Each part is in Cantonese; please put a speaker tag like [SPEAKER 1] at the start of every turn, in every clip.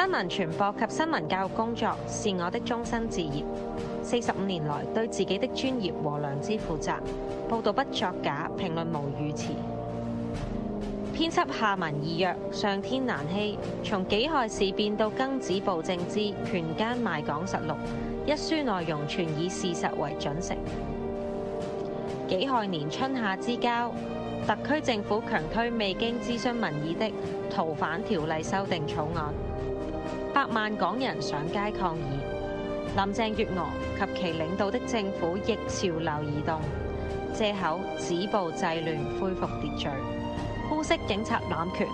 [SPEAKER 1] 新聞傳播及新聞教育工作是我的終身志業。四十五年來，對自己的專業和良知負責，報導不作假，評論無語詞。編輯下文意約，上天難欺。從《己亥事變》到《庚子暴政》之《權奸賣港實錄》，一書內容全以事實為準繩。己亥年春夏之交，特區政府強推未經諮詢民意的《逃犯條例》修訂草案。百萬港人上街抗議，林鄭月娥及其領導的政府逆潮流而動，借口止暴制亂恢復秩序，呼蔑警察濫權、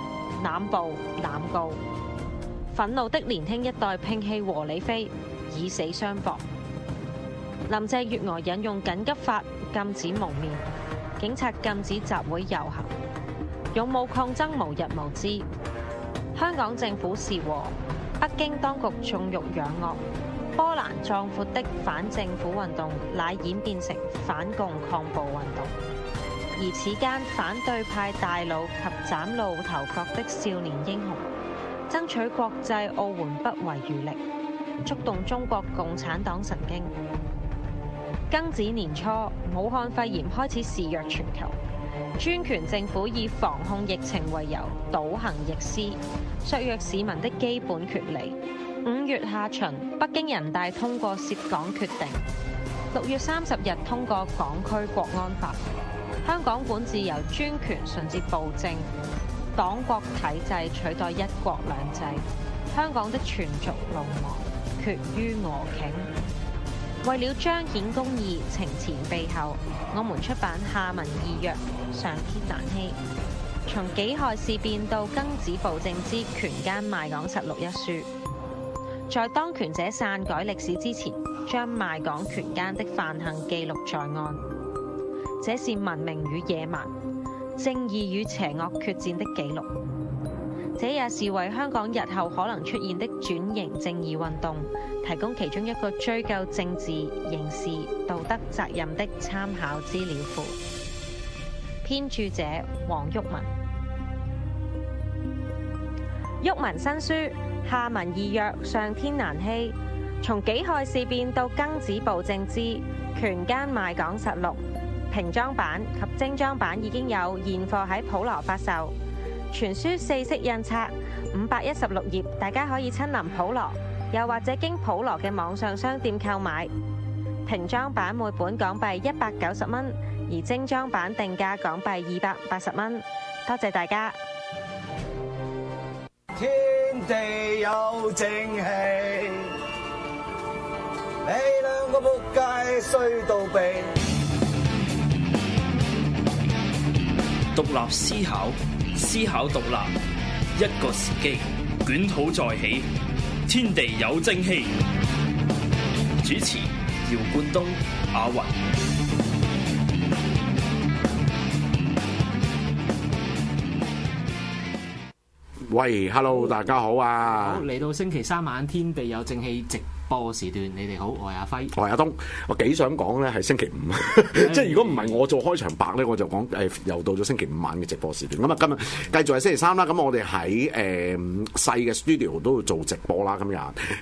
[SPEAKER 1] 濫暴、濫告。憤怒的年輕一代摒棄和理非，以死相搏。林鄭月娥引用緊急法禁止蒙面，警察禁止集會遊行，勇武抗爭無日無之。香港政府是和北京當局縱欲養惡，波瀾壯闊的反政府運動乃演變成反共抗暴運動，而此間反對派大佬及嶄露頭角的少年英雄，爭取國際奧援不遺餘力，觸動中國共產黨神經。庚子年初，武漢肺炎開始肆虐全球。專權政府以防控疫情為由，倒行逆施，削弱市民的基本權利。五月下旬，北京人大通過涉港決定；六月三十日通過港區國安法。香港管治由專權馴，至暴政，黨國體制取代一國兩制，香港的全族龍王，決於俄頃。為了彰顯公義，情前備後，我們出版下文二曰上天難欺。從己亥事變到庚子暴政之權奸賣港實錄一書，在當權者篡改歷史之前，將賣港權奸的犯行記錄在案。這是文明與野蠻、正義與邪惡決戰的記錄。這也是為香港日後可能出現的轉型正義運動提供其中一個追究政治、刑事、道德責任的參考資料庫。編著者：黃毓民。毓民新書《下文易約上天難欺：從己亥事變到庚子暴政之權奸賣港實錄》，平裝版及精裝版已經有現貨喺普羅發售。全書四色印刷，五百一十六頁，大家可以親臨普羅，又或者經普羅嘅網上商店購買。平裝版每本港幣一百九十蚊，而精裝版定價港幣二百八十蚊。多謝大家。天地有正氣，你兩個仆街衰到痹。
[SPEAKER 2] 獨立思考。思考獨立，一個時機，捲土再起，天地有正氣。主持：姚冠東、阿云。喂，Hello，大家好啊！好，嚟到星期三晚，天地有正氣直播。播時段，你哋好，我係阿輝，我係阿東，我幾想講咧，係星期五，即 係如果唔係我做開場白咧，我就講誒，又
[SPEAKER 3] 到咗星期五晚嘅直播時段。咁啊，今日繼續係星期三啦。咁我哋喺誒細嘅 studio 都會做直播啦。今日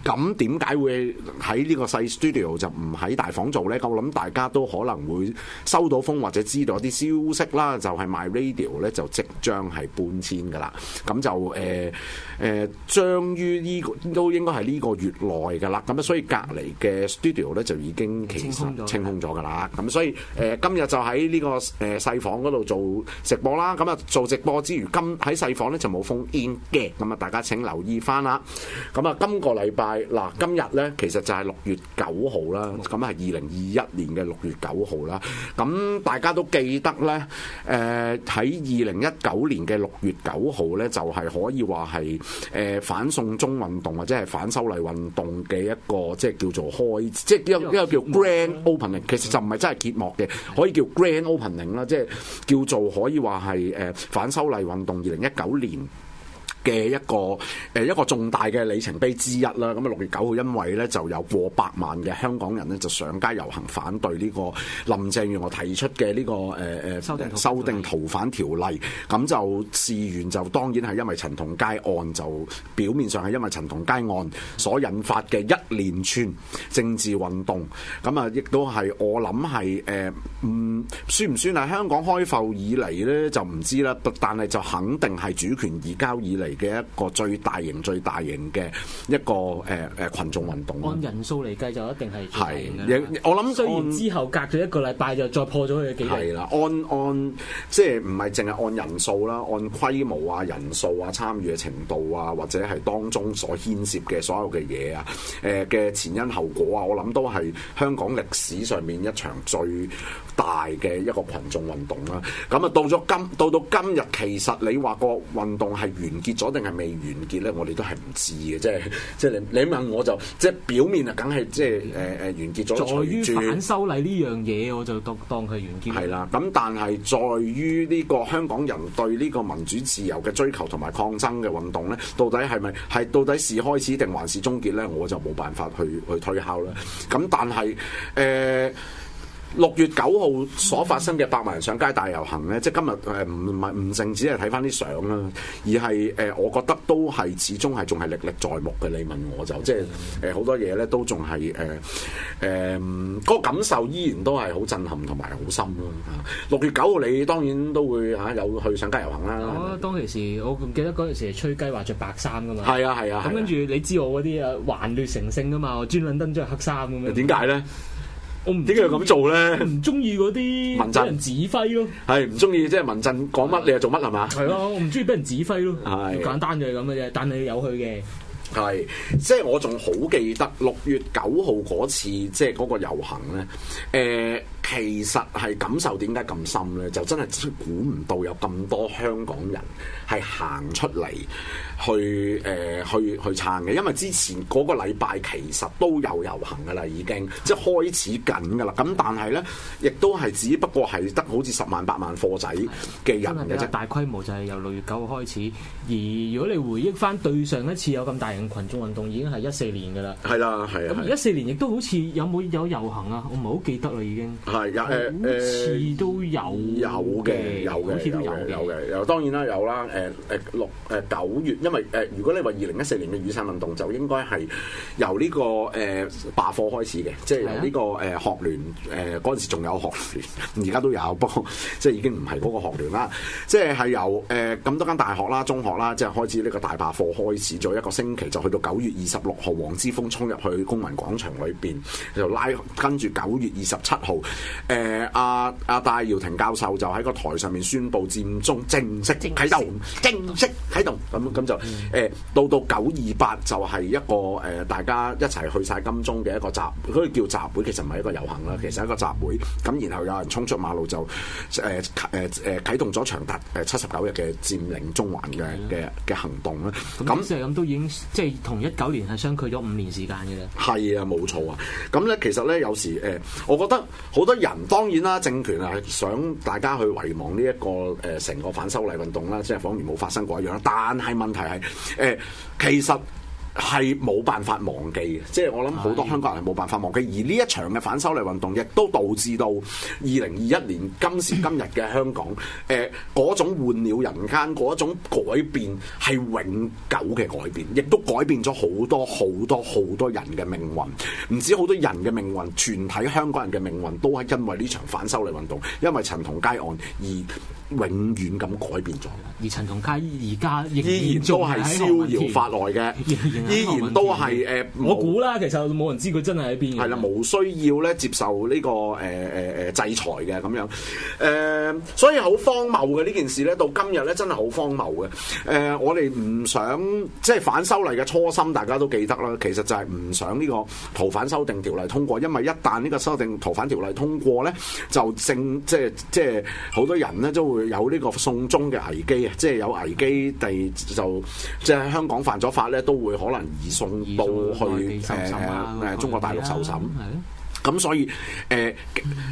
[SPEAKER 3] 咁點解會喺呢個細 studio 就唔喺大房做咧？咁我諗大家都可能會收到風或者知道啲消息啦，就係、是、MyRadio 咧就即將係搬遷噶啦。咁就誒誒，將於呢個都應該係呢個月內噶啦。咁。所以隔離嘅 studio 咧就已經其實清空咗㗎啦，咁所以誒今日就喺呢個誒細房嗰度做直播啦，咁啊做直播之餘，今喺細房咧就冇封 in 嘅，咁啊大家請留意返啦。咁啊今個禮拜嗱，今日咧其實就係六月九號啦，咁係二零二一年嘅六月九號啦。咁大家都記得咧，誒喺二零一九年嘅六月九號咧就係可以話係誒反送中運動或者係反修例運動嘅一個個即係叫做開，即係呢個叫 grand opening，其實就唔係真係揭幕嘅，可以叫 grand opening 啦，即係叫做可以話係誒反修例運動二零一九年。嘅一個誒一個重大嘅里程碑之一啦，咁啊六月九號，因為咧就有過百萬嘅香港人咧就上街遊行反對呢個林鄭月娥我提出嘅呢個誒誒修訂修訂逃犯條例，咁就事緣就當然係因為陳同佳案，就表面上係因為陳同佳案所引發嘅一連串政治運動，咁啊亦都係我諗係誒嗯算唔算係香港開埠以嚟咧就唔知啦，但係就肯定係主權移交以嚟，嘅一個最大型、最大型嘅一個誒誒、呃、群眾運動，按
[SPEAKER 2] 人數嚟計就一定係係，我諗雖然之後隔咗一個禮拜就再破咗佢嘅記錄係啦，按按，
[SPEAKER 3] 按即係唔係淨係按人數啦？按規模啊、人數啊、參與嘅程度啊，或者係當中所牽涉嘅所有嘅嘢啊、誒、呃、嘅前因後果啊，我諗都係香港歷史上面一場最大嘅一個群眾運動啦。咁啊，到咗今到到今日，其實你話個運動係完結。咗定係未完結咧？我哋都係唔知嘅，即係即係你問我就，即係表面啊，梗係即係誒誒，完結咗。在於反修例呢樣嘢，我就當當佢完結。係啦，咁但係在於呢個香港人對呢個民主自由嘅追求同埋抗爭嘅運動咧，到底係咪係到底是開始定還是終結咧？我就冇辦法去去推敲啦。咁但係誒。呃六月九號所發生嘅百萬人上街大遊行咧、嗯，即係今日唔唔唔淨止係睇翻啲相啦，而係、呃、我覺得都係始終係仲係歷歷在目嘅。你問我就即係好、呃、多嘢咧，都仲係誒誒個感受依然都係好震撼同埋好深咯。六、啊、月九號你當然都會、啊、有去上街遊行啦。我
[SPEAKER 2] 當其時是是我唔記得嗰陣時係吹雞話着白衫噶嘛。係啊係啊。咁、啊啊、跟住你知我嗰啲誒頑劣成性噶嘛，我專登著黑衫咁樣。點解咧？我唔，點解要咁做咧？唔中意嗰啲俾人指揮咯，係唔中意即係民
[SPEAKER 3] 陣講乜你又做乜係嘛？係咯，我唔中意俾人指揮咯，係、喔就是、 簡
[SPEAKER 2] 單就係咁嘅啫，但係有去嘅。
[SPEAKER 3] 係即係我仲好記得六月九號嗰次即係嗰個遊行咧，誒、呃。其實係感受點解咁深咧？就真係估唔到有咁多香港人係行出嚟去誒、呃、去去撐嘅。因為之前嗰個禮拜其實都有遊行噶啦，已經即係開始緊噶啦。咁但係咧，亦都係只不過係得好似十萬八萬貨仔嘅人嘅啫。的大
[SPEAKER 2] 規模就係由六月九號開始。而如果你回憶翻對上，上一次有咁大型群眾運動，已經係一四年噶啦。
[SPEAKER 3] 係啦，係啊。咁一
[SPEAKER 2] 四年亦都好似有冇有，有遊行啊？我唔係好記得啦，已經。
[SPEAKER 3] 係啊！誒、呃、誒，次
[SPEAKER 2] 都有、呃，有
[SPEAKER 3] 嘅，有嘅有有，有嘅，有。當然啦，有啦！誒、呃、誒、呃。六。誒、呃、九月，因為誒、呃，如果你話二零一四年嘅雨傘運動，就應該係由呢、這個誒、呃、罷課開始嘅，即係由呢個誒、呃、學聯誒嗰、呃、時時仲有學聯，而家都有，不過即係已經唔係嗰個學聯啦。即係係由誒咁、呃、多間大學啦、中學啦，即係開始呢個大罷課開始，咗一個星期就去到九月二十六號，黃之鋒衝入去公民廣場裏面，就拉，跟住九月二十七號，誒阿阿戴耀廷教授就喺個台上面宣布佔中正式啟動，正式。正式正式啟動咁，咁就誒、欸，到到九二八就係一個誒、呃、大家一齊去晒金鐘嘅一個集，嗰個叫集會，其實唔係一個遊行啦，其實係一個集會，咁然後有人衝出馬路就誒誒誒啟動咗長達誒七十九日嘅佔領中環嘅嘅嘅行動啦。咁就
[SPEAKER 2] 係咁，都已經即係、就是、同一九年係相距咗五年時間嘅啦。係啊，冇錯啊。咁咧其實咧有時
[SPEAKER 3] 誒、欸、我覺得好多人當然啦，政權係想大家去遺忘呢一個誒成、呃、個反修例運動啦，即係彷彿冇發生過一樣。但係問題係，誒其實，係冇辦法忘記嘅，即係我諗好多香港人係冇辦法忘記。忘記而呢一場嘅反修例運動，亦都導致到二零二一年今時今日嘅香港，誒、嗯、嗰、呃、種換咗人間，嗰種改變係永久嘅改變，亦都改變咗好多好多好多人嘅命運。唔止好多人嘅命運，全體香港人嘅命運都係因為呢場反修例運動，因為陳同佳案而永遠咁改變咗。
[SPEAKER 2] 而陳同佳而家仍，仍然都係逍遙法
[SPEAKER 3] 外嘅。依然都係誒、呃、我估啦，其實冇人知佢真係喺邊。係啦，冇需要咧接受呢、呢個誒誒誒制裁嘅咁樣誒、呃、所以好荒謬嘅呢件事咧，到今日咧真係好荒謬嘅，誒我哋唔想即係反修例嘅初心，大家都記得啦。其實就係唔想呢個逃犯修訂條例通過，因為一旦呢個修訂逃犯條例通過咧，就正即係即係好多人咧都會有呢個送中嘅危機啊！即係有危機地就即係喺香港犯咗法咧，都會可。可能移送到去受審啊，誒、呃，中國大陸受審。嗯咁所以誒、呃、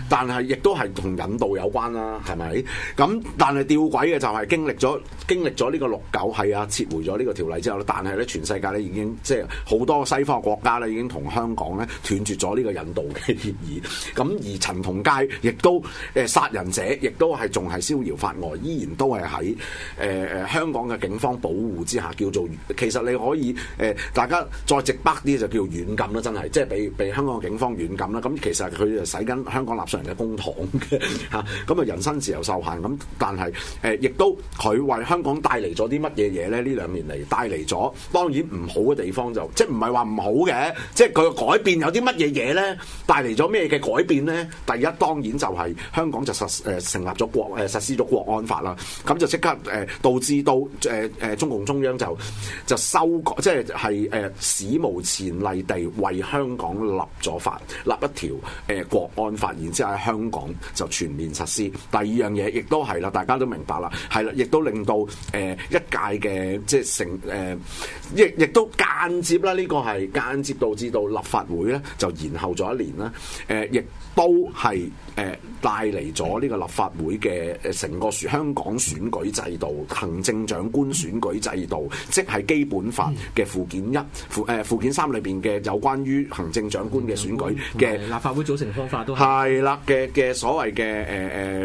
[SPEAKER 3] 但係亦都係同引渡有關啦、啊，係咪？咁但係吊詭嘅就係經歷咗經歷咗呢個六九係啊，撤回咗呢個條例之後咧，但係咧全世界咧已經即係好多西方國家咧已經同香港咧斷絕咗呢個引渡嘅協議，咁而陳同佳亦都誒、呃、殺人者，亦都係仲係逍遙法外，依然都係喺誒香港嘅警方保護之下，叫做其實你可以誒、呃、大家再直白啲就叫軟禁啦，真係即係俾俾香港警方軟禁啦。咁其實佢就使緊香港納稅人嘅公帑嘅，咁啊人身自由受限咁，但係亦都佢為香港帶嚟咗啲乜嘢嘢咧？呢兩年嚟帶嚟咗，當然唔好嘅地方就即係唔係話唔好嘅，即係佢改變有啲乜嘢嘢咧？帶嚟咗咩嘅改變咧？第一當然就係香港就實、呃、成立咗國誒、呃、實施咗國安法啦，咁就即刻誒、呃、導致到、呃、中共中央就就修改，即係、呃、史無前例地為香港立咗法立。一條誒、呃、國安法，然之後喺香港就全面實施。第二樣嘢，亦都係啦，大家都明白啦，係啦，亦都令到誒、呃、一屆嘅即係成誒，亦、呃、亦都間接啦，呢、呢個係間接導致到立法會咧就延後咗一年啦。誒、呃，亦都係。誒帶嚟咗呢個立法會嘅誒成個香港選舉制度、行政長官選舉制度，即係基本法嘅附件一附誒附件三裏邊嘅有關於行政長官嘅選舉嘅、嗯、立法會組成的方法都係啦嘅嘅所謂嘅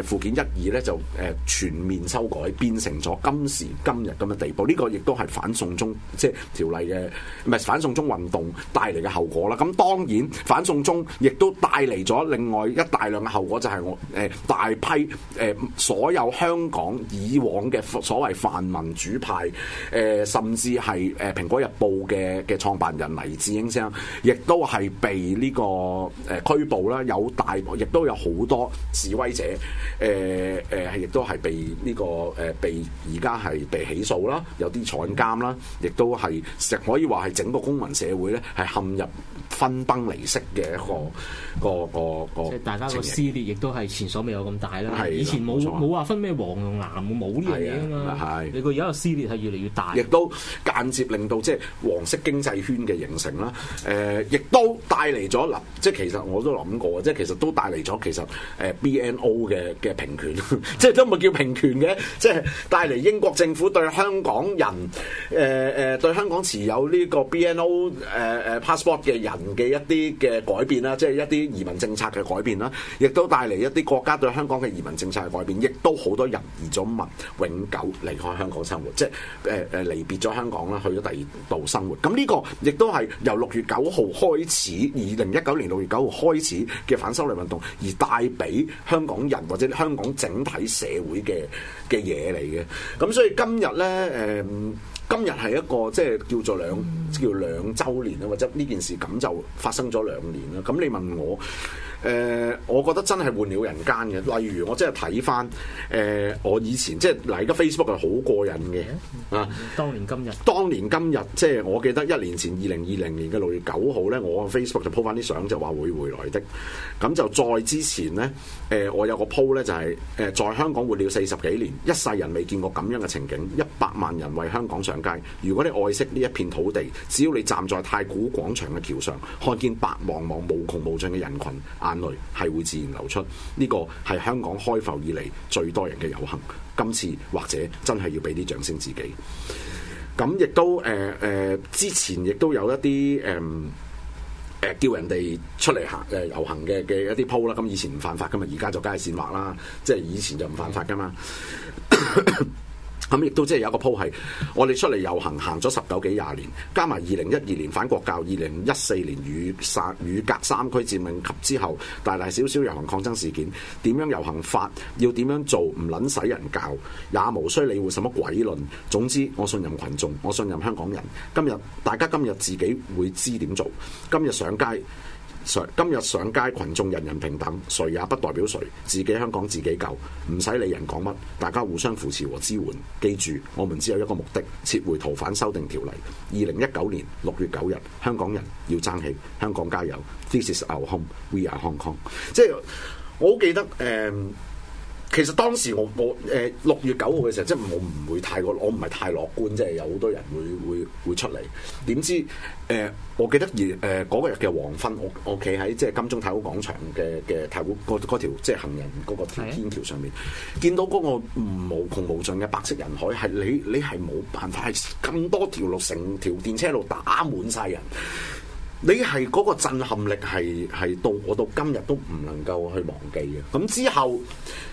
[SPEAKER 3] 誒誒附件一二咧就誒全面修改變成咗今時今日咁嘅地步，呢、這個亦都係反送中即係條例嘅唔係反送中運動帶嚟嘅後果啦。咁當然反送中亦都帶嚟咗另外一大量嘅後果。我就係我誒大批誒所有香港以往嘅所謂泛民主派誒甚至係誒蘋果日報嘅嘅創辦人黎智英，生亦都係被呢個誒拘捕啦。有大，亦都有好多示威者誒誒係亦都係被呢、這個誒被而家係被起訴啦，有啲坐緊監啦，亦都係成可以話係整個公民社會咧係陷入分崩離析嘅一個個個個
[SPEAKER 2] 即係大家個撕裂亦都係前所未有咁大啦，以前冇冇話分咩黃同藍，冇呢樣嘢啊嘛。你個而家嘅撕裂係越嚟越大，亦都間接令到即係黃
[SPEAKER 3] 色經濟圈嘅形成啦。誒，亦都帶嚟咗嗱，即係其實我都諗過，即係其實都帶嚟咗其實誒 BNO 嘅嘅平權，即係都唔係叫平權嘅，即係帶嚟英國政府對香港人誒誒對香港持有呢個 BNO 誒誒 passport 嘅人嘅一啲嘅改變啦，即係一啲移民政策嘅改變啦，亦，都帶嚟一啲國家對香港嘅移民政策嘅改變，亦都好多人移咗民，永久離開香港生活，即係誒誒離別咗香港啦，去咗第二度生活。咁呢個亦都係由六月九號開始，二零一九年六月九號開始嘅反修例運動，而帶俾香港人或者香港整體社會嘅嘅嘢嚟嘅。咁所以今日呢，呃、今日係一個即係叫做兩叫做兩週年啦，或者呢件事咁就發生咗兩年啦。咁你問我？呃、我覺得真係換了人間嘅。例如我看，我真係睇翻我以前即係嗱，而家 Facebook 係好過癮嘅啊。
[SPEAKER 2] 當年今日，
[SPEAKER 3] 當年今日，即係我記得一年前，二零二零年嘅六月九號呢，我 Facebook 就 po 翻啲相，就話會回來的。咁就再之前呢，呃、我有個 po 呢、就係，就、呃、係在香港活了四十幾年，一世人未見過咁樣嘅情景，一百萬人為香港上街。如果你愛惜呢一片土地，只要你站在太古廣場嘅橋上，看見白茫茫無窮無盡嘅人群。類係 會自然流出，呢個係香港開埠以嚟，最多人嘅遊行，今次或者真係要俾啲掌聲自己。咁亦都誒誒、呃呃，之前亦都有一啲誒誒，叫人哋出嚟行誒遊、呃、行嘅嘅一啲鋪啦。咁以前唔犯法噶嘛，而家就梗係煽惑啦，即係以前就唔犯法噶嘛。 咁亦都即係有個鋪係，我哋出嚟遊行行咗十九幾廿年，加埋二零一二年反國教、二零一四年雨傘三區佔領及之後大大小小遊行抗爭事件，點樣遊行法要點樣做，唔撚使人教，也無需理會什麼鬼論。總之，我信任群眾，我信任香港人。今日大家今日自己會知點做，今日上街。Sir, 今日上街，群眾人人平等，誰也不代表誰，自己香港自己救，唔使理人講乜，大家互相扶持和支援。記住，我們只有一個目的：撤回逃犯修訂條例。二零一九年六月九日，香港人要爭氣，香港加油！This is Hong Kong，We are Hong Kong。即係我好記得、um，其實當時我我誒六、呃、月九號嘅時候，即、就、係、是、我唔會太過，我唔係太樂觀，即係有好多人會會會出嚟。點知誒、呃，我記得而誒嗰日嘅黃昏，我我企喺即係金鐘太古廣場嘅嘅太古嗰條即係行人嗰個天橋上面，啊、見到嗰個無窮無盡嘅白色人海，係你你係冇辦法，係咁多條路，成條電車路打滿晒人。你係嗰個震撼力係係到我到今日都唔能夠去忘記嘅。咁之後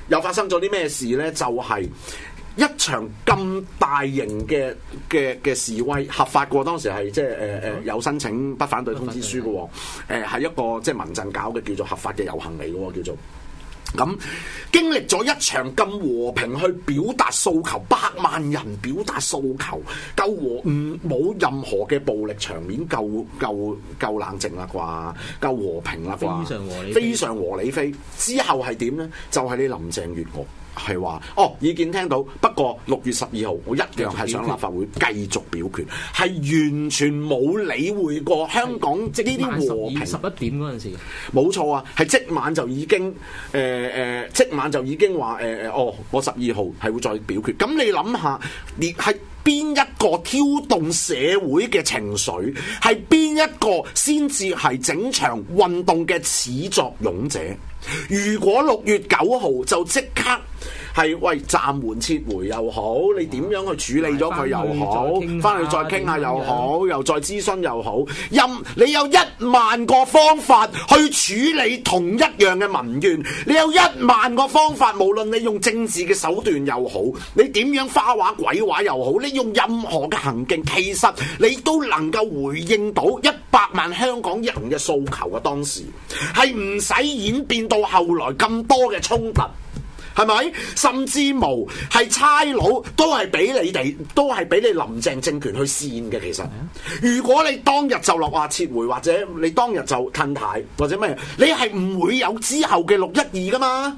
[SPEAKER 3] 又發生咗啲咩事呢？就係、是、一場咁大型嘅嘅嘅示威，合法嘅喎。當時係即係誒誒有申請不反對通知書嘅喎。誒、呃、係一個即係民陣搞嘅叫做合法嘅遊行嚟嘅喎，叫做。咁經歷咗一場咁和平去表達訴求，百萬人表達訴求，夠和唔冇任何嘅暴力場面，夠夠夠冷靜啦啩，夠和平啦啩，非常和理非，非常和理非。之後係點呢？就係、是、你林鄭月娥。係話哦，意見聽到，不過六月十二號我一樣係想立法會繼續表決，係完全冇理會過香港即呢啲和平。十一點嗰陣時，冇錯啊，係即晚就已經誒誒、呃，即晚就已經話誒誒，哦，我十二號係會再表決。咁你諗下，你係。邊一個挑動社會嘅情緒，係邊一個先至係整場運動嘅始作俑者？如果六月九號就即刻。係喂，暫緩撤回又好，你點樣去處理咗佢又好，翻去再傾下又好，好，又再諮詢又好，任你有一萬個方法去處理同一樣嘅民怨，你有一萬個方法，無論你用政治嘅手段又好，你點樣花話鬼話又好，你用任何嘅行徑，其實你都能夠回應到一百萬香港人嘅訴求嘅，啊，當時係唔使演變到後來咁多嘅衝突。係咪？甚至無係差佬，都係俾你哋，都係俾你林鄭政權去煽嘅。其實，如果你當日就落話撤回，或者你當日就褪軚，或者咩？你係唔會有之後嘅六一二噶嘛？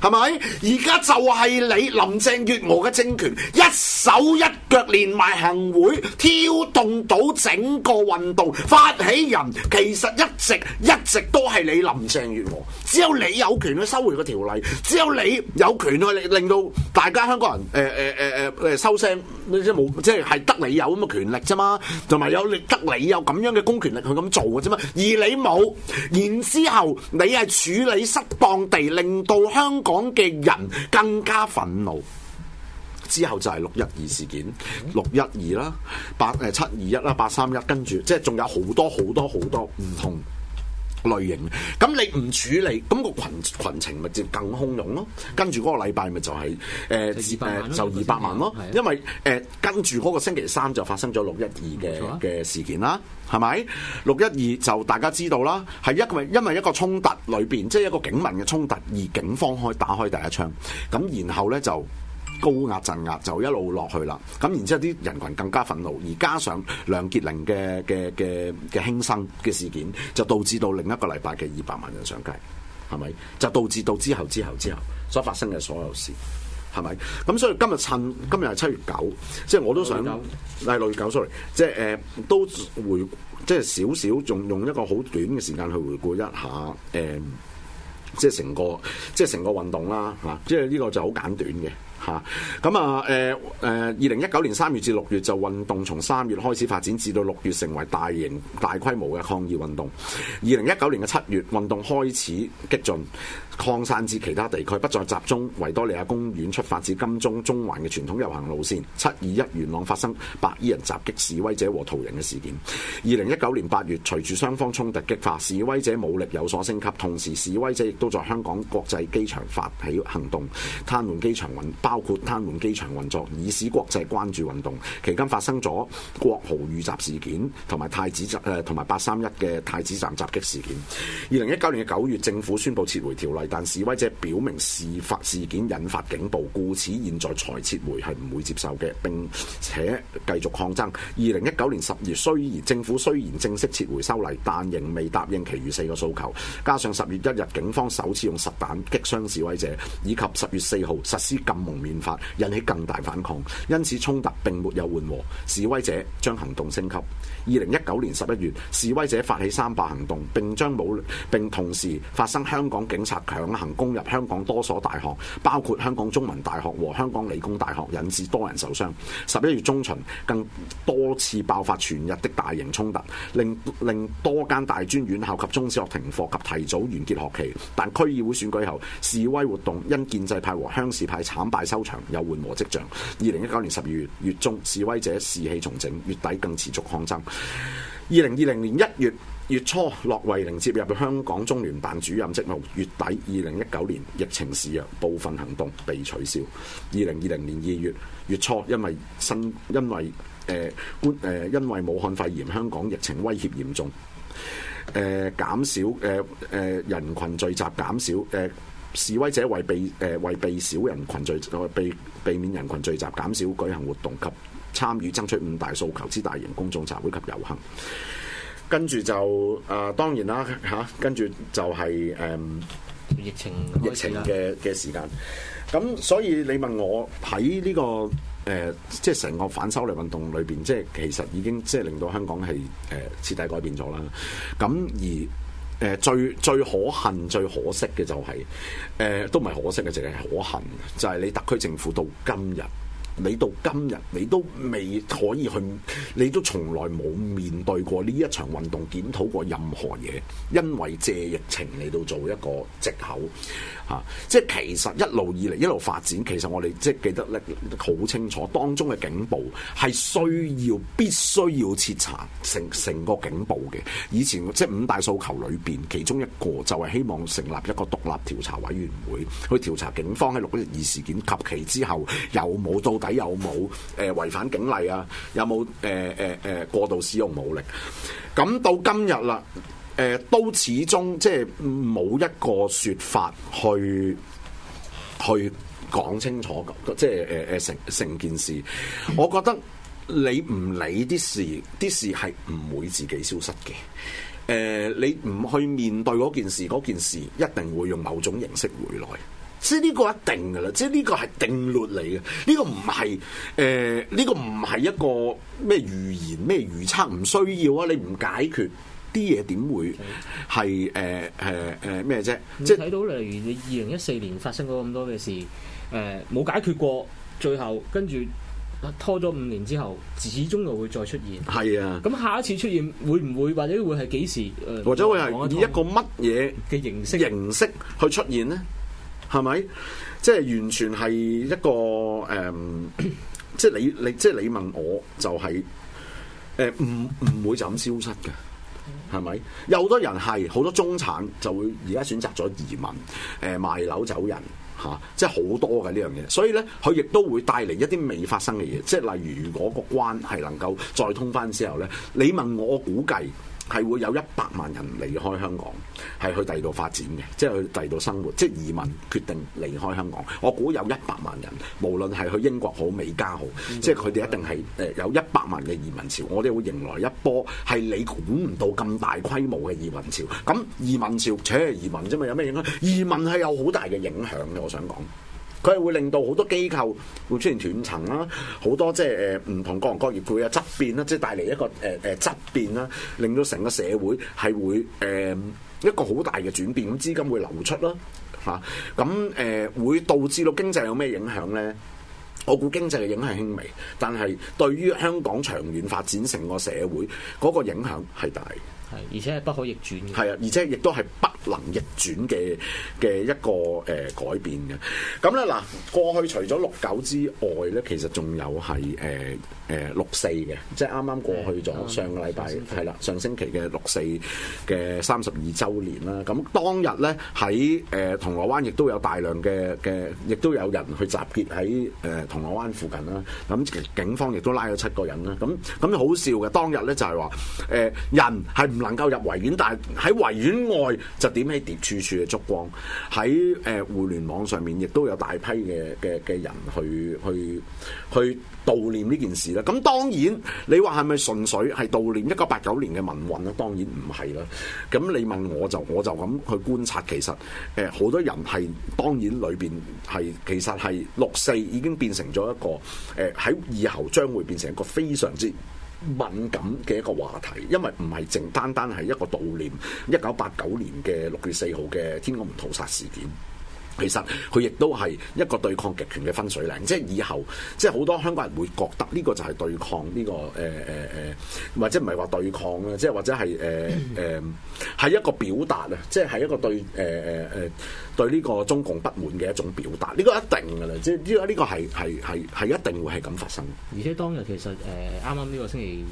[SPEAKER 3] 係咪？而家就係你林鄭月娥嘅政權一手一腳連埋行會挑動到整個運動發起人，其實一直一直都係你林鄭月娥。只有你有權去收回個條例，只有你有權去令到大家香港人、呃呃呃、收聲，即冇即係得你有咁嘅權力啫嘛，同埋有得你有咁樣嘅公權力去咁做嘅啫嘛，而你冇，然之後你係處理失當地，令到香港嘅人更加憤怒。之後就係六一二事件，六一二啦，八七二一啦，八三一，跟住即係仲有好多好多好多唔同。類型，咁你唔處理，咁個羣羣情咪就更洶湧咯。跟住嗰個禮拜咪就係誒誒，就二百萬咯。因為誒跟住嗰個星期三就發生咗六一二嘅嘅事件啦，係咪？六一二就大家知道啦，係一個因為一個衝突裏邊，即係一個警民嘅衝突，而警方可以打開第一槍，咁然後呢就。高壓鎮壓就一路落去啦，咁然之後啲人群更加憤怒，而加上梁傑林嘅嘅嘅嘅輕生嘅事件，就導致到另一個禮拜嘅二百萬人上街，係咪？就導致到之後、之後、之後所發生嘅所有事，係咪？咁所以今日趁今日係七月九，嗯，即係我都想，係六月九，sorry，即係誒都回，即係少少，仲用，用一個好短嘅時間去回顧一下誒，即係成個即係成個運動啦嚇，即係呢個就好簡短嘅。咁啊！誒二零一九年三月至六月就運動從三月開始發展，至到六月成為大型大規模嘅抗議運動。二零一九年嘅七月，運動開始激進，擴散至其他地區，不再集中維多利亞公園出發至金鐘中環嘅傳統遊行路線，七二一元朗發生白衣人襲擊示威者和途人嘅事件。二零一九年八月，隨住雙方衝突激化，示威者武力有所升級，同時示威者亦都在香港國際機場發起行動，癱瘓機場運包包括癱瘓機場運作，以使國際關注運動。期間發生咗國豪遇襲事件，同埋太，太子站誒，同埋八三一嘅太子站襲擊事件。二零一九年嘅九月，政府宣布撤回條例，但示威者表明事發事件引發警暴，故此現在才撤回係唔會接受嘅，並且繼續抗爭。二零一九年十月，雖然政府雖然正式撤回修例，但仍未答應其餘四個訴求。加上十月一日，警方首次用實彈擊傷示威者，以及十月四號實施禁蒙面引發引起更大反抗，因此衝突並沒有緩和。示威者將行動升級。二零一九年十一月，示威者發起三罷行動，並將武並同時發生香港警察強行攻入香港多所大學，包括香港中文大學和香港理工大學，引致多人受傷。十一月中旬更多次爆發全日的大型衝突，令令多間大專院校及中小學停課及提早完結學期。但區議會選舉後，示威活動因建制派和鄉事派慘敗。收場有緩和迹象。二零一九年十二月月中，示威者士氣重整；月底更持續抗爭。二零二零年一月月初，駱惠寧接任香港中聯辦主任職務；月底，二零一九年疫情肆虐，部分行動被取消。二零二零年二月月初，因為新因為誒官誒因為武漢肺炎，香港疫情威脅嚴重，誒、呃、減少誒誒、呃、人群聚集，減少誒。呃示威者為避誒為避小人群聚，為避免人群聚集，減少舉行活動及參與爭取五大訴求之大型公眾集會及遊行。跟住就誒、呃、當然啦嚇，跟、啊、住就係、是、誒、嗯、疫情疫情嘅嘅時間。咁所以你問我喺呢、這個誒即係成個反修例運動裏邊，即係其實已經即係令到香港係誒徹底改變咗啦。咁而誒最最可恨、最可惜嘅就係、是，誒、呃、都唔係可惜嘅，淨係可恨，就係、是、你特區政府到今日，你到今日你都未可以去，你都從來冇面對過呢一場運動，檢討過任何嘢，因為借疫情嚟到做一個藉口。啊、即係其實一路以嚟一路發展，其實我哋即係記得咧好清楚，當中嘅警暴係需要必須要徹查成成個警暴嘅。以前即五大訴求裏面，其中一個就係希望成立一個獨立調查委員會，去調查警方喺六一二事件及其之後有冇到底有冇誒、呃、違反警例啊？有冇、呃呃、過度使用武力？咁到今日啦。誒都始終即係冇一個說法去去講清楚，即係誒誒成成件事。我覺得你唔理啲事，啲事係唔會自己消失嘅。誒、呃，你唔去面對嗰件事，嗰件事一定會用某種形式回來。即係呢個是一定嘅啦，即係呢個係定律嚟嘅。呢、呢個唔係誒，呢、呃呢個唔係一個咩預言、咩預測，唔需要啊！你唔解決。啲嘢點會係誒誒誒咩啫？
[SPEAKER 2] 即係睇到例如你二零一四年發生咗咁多嘅事，誒、呃、冇解決過，最後跟住拖咗五年之後，始終又會再出現。係啊，咁下一次出現會唔會或者會係幾時？或者會係以一個
[SPEAKER 3] 乜嘢嘅形式形式去出現呢？係咪即係完全係一個誒？即、呃、係、即係、你你即係、即係、你問我，就係誒唔唔會就咁消失嘅。 係咪有好多人係好多中產就會而家選擇咗移民，誒、呃、賣樓走人嚇、啊，即係好多嘅呢樣嘢。所以咧，佢亦都會帶嚟一啲未發生嘅嘢，即係例如如果個關係能夠再通返之後咧，你問我估計。係會有一百萬人離開香港，係去第二度發展嘅，即係去第二度生活，即係移民決定離開香港。我估有一百萬人，無論係去英國好、美加好，mm-hmm. 即係佢哋一定係、呃、有一百萬嘅移民潮，我哋會迎來一波係你管唔到咁大規模嘅移民潮。咁移民潮，扯移民啫嘛，有咩影響？移民係有好大嘅影響嘅，我想講。佢係會令到好多機構會出現斷層啦，好多即係唔同各行各業會有質變啦，即係帶嚟一個誒誒質變啦，令到成個社會係會一個好大嘅轉變，咁資金會流出啦嚇，咁誒會導致到經濟有咩影響咧？我估經濟嘅影響係輕微，但係對於香港長遠發展成個社會嗰個影響係大。係，而且係不可逆轉嘅。係啊，而且亦都係不能逆轉嘅嘅一個誒、呃、改變嘅。咁咧嗱，過去除咗六九之外咧，其實仲有係誒誒六四嘅，即係啱啱過去咗上個禮拜係啦，上星期嘅六四嘅三十二週年啦。咁當日咧喺誒銅鑼灣亦都有大量嘅嘅，亦都有人去集結喺誒、呃、銅鑼灣附近啦。咁其實警方亦都拉咗七個人啦。咁咁好笑嘅，當日咧就係話誒人係。唔能夠入維園，但係喺維園外就點起疊處處嘅燭光。喺誒、呃、互聯網上面，亦都有大批嘅嘅嘅人去去去悼念呢件事啦。咁當然，你話係咪純粹係悼念一九八九年嘅民運咧？當然唔係啦。咁你問我就我就咁去觀察，其實誒好、呃、多人係當然裏邊係其實係六四已經變成咗一個誒喺、呃、以後將會變成一個非常之。敏感嘅一個話題，因為唔係淨單單係一個悼念一九八九年嘅六月四號嘅天安門屠殺事件。其實佢亦都係一個對抗極權嘅分水嶺，即係以後，即係好多香港人會覺得呢個就係對抗呢個誒誒誒，或者唔係話對抗啦，即係或者係誒誒，係、呃、 一個表達啊！即係係一個對誒誒誒對呢個中共不滿嘅一種表達。呢個一定㗎啦，即係呢個呢個係係係係一定會係咁發生。
[SPEAKER 2] 而且當日其實誒啱啱呢個星期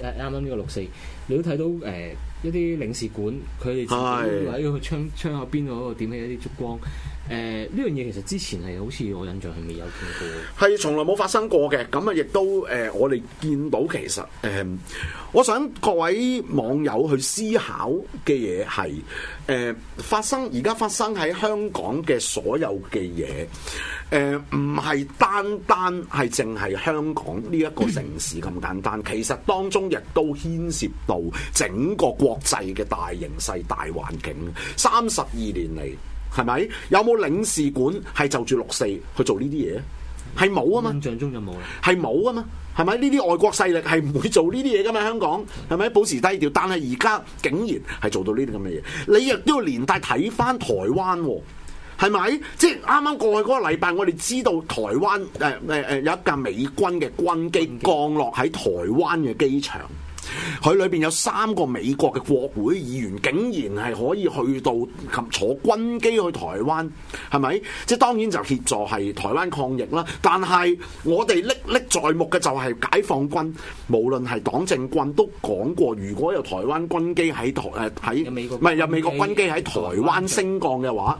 [SPEAKER 2] 誒啱啱呢個六四，你都睇到誒、呃、一啲領事館佢哋自己喺個窗窗口邊嗰個點起一啲燭光。誒、呃，呢樣嘢其實之前係好似我印象係未有見過，係
[SPEAKER 3] 從來冇發生過嘅。咁啊，亦都誒，我哋見到其實誒、呃，我想各位網友去思考嘅嘢係誒，發生而家發生喺香港嘅所有嘅嘢，誒唔係單單係淨係香港呢一個城市咁簡單， 其實當中亦都牽涉到整個國際嘅大形勢、大環境。三十二年嚟。係咪有冇領事館係就住六四去做呢啲嘢？係冇啊嘛，印象中就冇啦。係冇啊嘛，係咪呢啲外國勢力係唔會做呢啲嘢噶嘛？香港係咪保持低調？但係而家竟然係做到呢啲咁嘅嘢，你亦都要連帶睇翻台灣啊，係咪即係啱啱過去嗰個禮拜，我哋知道台灣誒誒誒有一架美軍嘅軍機降落喺台灣嘅機場。佢裏邊有三個美國嘅國會議員，竟然係可以去到及坐軍機去台灣，係咪？即當然就協助係台灣抗疫啦。但係我哋歷歷在目嘅就係解放軍，無論係黨政軍都講過，如果有台灣軍機喺台誒喺，唔係有美國軍機喺台灣升降嘅話。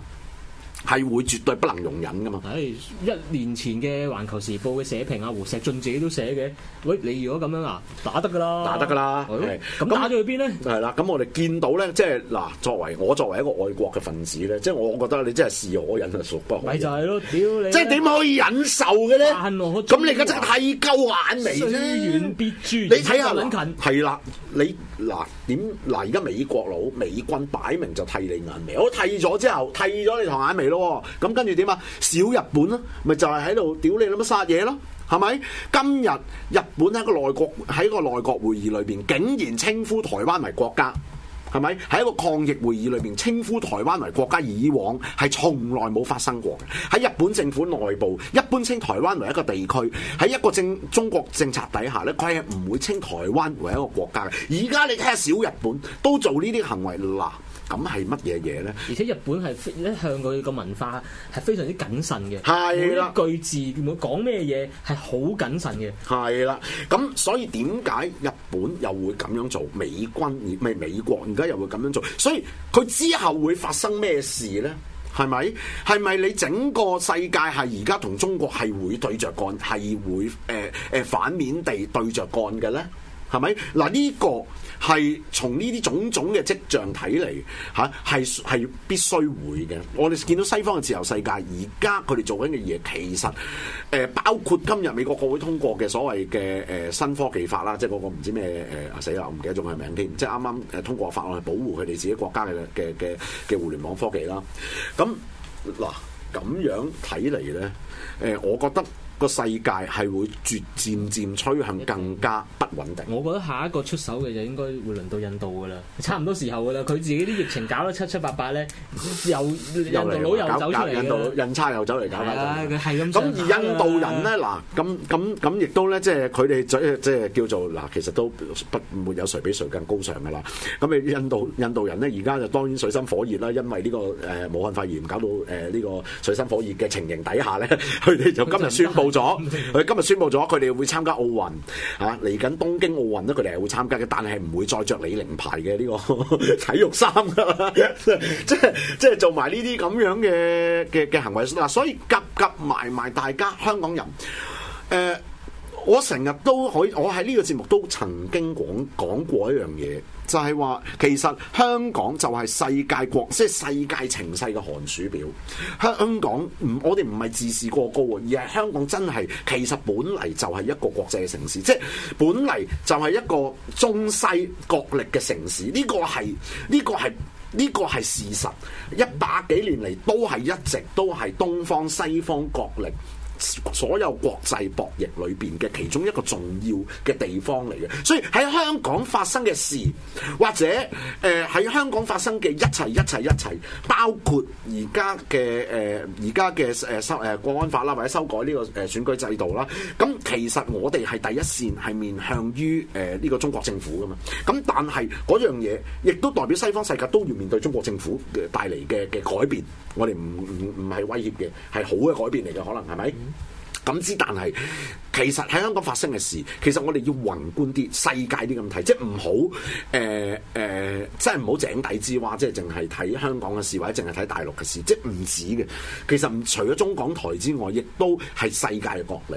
[SPEAKER 3] 係會絕對不能容忍噶嘛？
[SPEAKER 2] 一年前嘅環球時報嘅社評啊，胡錫進自己都寫嘅。喂，你如果咁樣啊，打得噶啦，打得噶啦，
[SPEAKER 3] 咁打咗去邊咧？係啦，咁我哋見到咧，即係嗱，作為我作為一個愛國嘅分子咧，即係我覺得你真係是可忍，孰不可忍。咪就係、是、咯，屌你！即係點可以忍受嘅咧？咁你而家真係剃鳩眼眉，雖遠必誅。你睇下，係啦，是你嗱點嗱？而家美國佬美軍擺明就剃你眼眉，我剃咗之後，剃咗你條眼眉咯。咁跟住點啊？小日本啦、啊，咪就係喺度屌你老母殺嘢咯，係咪？今日日本喺個內閣，喺個內閣會議裏邊竟然稱呼台灣為國家，係咪？喺一個抗疫會議裏面稱呼台灣為國家，以往係從來冇發生過嘅。喺日本政府內部，一般稱台灣為一個地區，喺一個政中國政策底下呢，佢係唔會稱台灣為一個國家嘅。而家你睇下
[SPEAKER 2] 小日本都做呢啲行為啦。咁係乜嘢嘢咧？而且日本係一向佢個文化係非常之謹慎嘅，係啦句字，唔會講咩嘢係好謹慎嘅。
[SPEAKER 3] 係啦，咁所以點解日本又會咁樣做？美軍而唔係美國，而家又會咁樣做？所以佢之後會發生咩事咧？係咪？係咪你整個世界係而家同中國係會對着幹，係會、呃、反面地對着幹嘅咧？係咪？嗱，呢、這個係從呢啲種種嘅跡象睇嚟，嚇係係必須會嘅。我哋見到西方嘅自由世界，而家佢哋做緊嘅嘢，其實誒、呃、包括今日美國國會通過嘅所謂嘅誒新科技法啦，即係嗰個唔知咩誒、呃、死啦，我唔記得仲佢名添，即係啱啱誒通過法案去保護佢哋自己國家嘅嘅嘅嘅互聯網科技啦。咁嗱咁樣睇嚟咧，誒、呃、我覺得。個世界係會逐漸漸趨向更加不穩定。
[SPEAKER 2] 我覺得下一個出手嘅就應該會輪到印度㗎啦，差唔多時候㗎啦。佢自己啲疫情搞到七七八八咧， 又印度佬又走出嚟印度
[SPEAKER 3] 人差又走嚟搞搞。係 咁，啊啊、而印度人咧嗱，咁咁咁亦都咧，即係佢哋即係叫做嗱，其實都不沒有誰比誰更高尚㗎啦。咁誒，印度印度人咧而家就當然水深火熱啦，因為呢、呢個誒、呃、武漢肺炎搞到誒呢、呃呢個水深火熱嘅情形底下咧，佢哋就今日宣布。咗佢 今日宣布咗，佢哋會參加奧運啊！嚟緊東京奧運咧，佢哋係會參加嘅，但係唔會再着李寧牌嘅呢個體育衫，即係即係做埋呢啲咁樣嘅嘅嘅行為。所以急急埋埋，大家香港人誒、呃，我成日都可以，我喺呢個節目都曾經講講過一樣嘢。就係話，其實香港就係世界國，即係世界情勢嘅寒暑表。香港唔，我哋唔係自視過高啊，而係香港真係其實本嚟就係一個國際嘅城市，即係本嚟就係一個中西角力嘅城市。呢個係呢個係呢個係事實。一百幾年嚟都係一直都係東方西方角力。所有國際博弈裏邊嘅其中一個重要嘅地方嚟嘅，所以喺香港發生嘅事，或者誒喺、呃、香港發生嘅一切一切一切，包括而家嘅誒而家嘅誒修誒國安法啦，或者修改呢、這個誒、呃、選舉制度啦，咁其實我哋係第一線，係面向於誒呢、呃這個中國政府噶嘛，咁但係嗰樣嘢亦都代表西方世界都要面對中國政府帶嚟嘅嘅改變，我哋唔唔唔係威脅嘅，係好嘅改變嚟嘅，可能係咪？是咁知但係。其實喺香港發生嘅事，其實我哋要宏觀啲、世界啲咁睇，即係唔好誒誒，即係唔好井底之蛙，即係淨係睇香港嘅事，或者淨係睇大陸嘅事，即係唔止嘅。其實唔除咗中港台之外，亦都係世界嘅角力。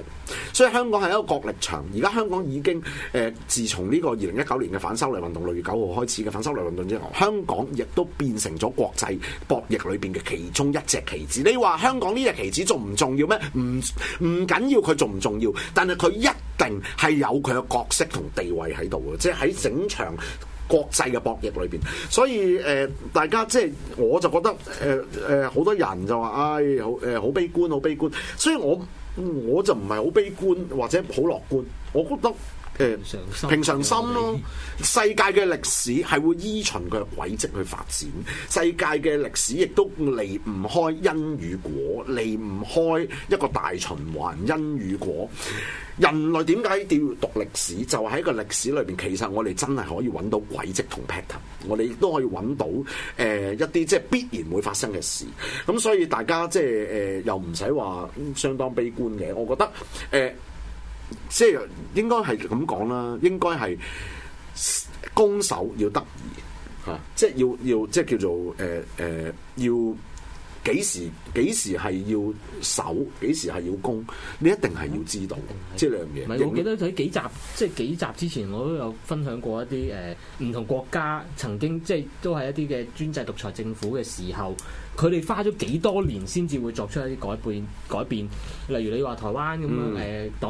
[SPEAKER 3] 所以香港係一個角力場。而家香港已經誒、呃，自從呢個二零一九年嘅反修例運動六月九號開始嘅反修例運動之後，香港亦都變成咗國際博弈裏邊嘅其中一隻棋子。你話香港呢隻棋子重唔重要咩？唔唔緊要，佢重唔重要？但係佢一定係有佢嘅角色同地位喺度嘅，即係喺整場國際嘅博弈裏邊。所以誒、呃，大家即係我就覺得誒誒，好、呃呃、多人就話，唉，誒好、呃、好悲觀，好悲觀。所以我我就唔係好悲觀，或者好樂觀。我覺得。平常心咯，世界嘅歷史係會依循佢嘅軌跡去發展，世界嘅歷史亦都離唔開因與果，離唔開一個大循環因與果。人類點解要讀歷史？就喺、是、個歷史裏邊，其實我哋真係可以揾到軌跡同 pattern，我哋亦都可以揾到誒、呃、一啲即係必然會發生嘅事。咁所以大家即係誒、呃、又唔使話相當悲觀嘅，我覺得誒。呃即係應該係咁講啦，應該係攻守要得宜吓、啊，即係要要即係叫做誒誒、呃呃，要幾時？幾時係要守，幾時係要攻，你一定係要知道即係兩樣嘢。我記得
[SPEAKER 2] 喺幾集，即係幾集之前，我都有分享過一啲誒、唔同國家曾經，即係都係一啲嘅專制獨裁政府嘅時候，佢哋花咗幾多年先至會作出一啲改變改變，例如你話台灣咁樣誒黨、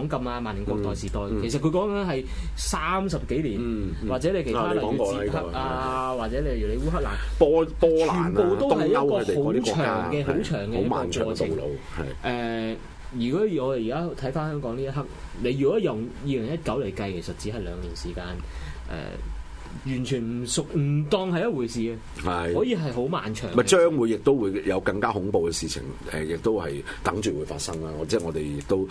[SPEAKER 2] 嗯呃，禁啊，萬年國代時代，嗯嗯、其實佢講緊係三十幾年、嗯嗯，或者你其他例如捷克啊，或者例如你烏克蘭波波蘭、蘭、啊、東歐佢哋嗰啲國家、全部都係一個好長嘅好長。好漫長嘅道路。誒、呃，如果我哋而家睇翻香港呢一刻，你如果用二零一九嚟計，其實只係兩年時間。誒、呃，完全唔熟唔當係一回事啊。
[SPEAKER 3] 係可以係好漫長的。咪將會亦都會有更加恐怖嘅事情。誒、呃，亦都係等住會發生啦。我即係我哋亦都誒，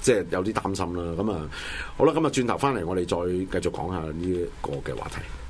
[SPEAKER 3] 即係、呃、有啲擔心啦。咁啊，好啦，咁啊，轉頭翻嚟，我哋再繼續講一下呢
[SPEAKER 1] 個嘅話題。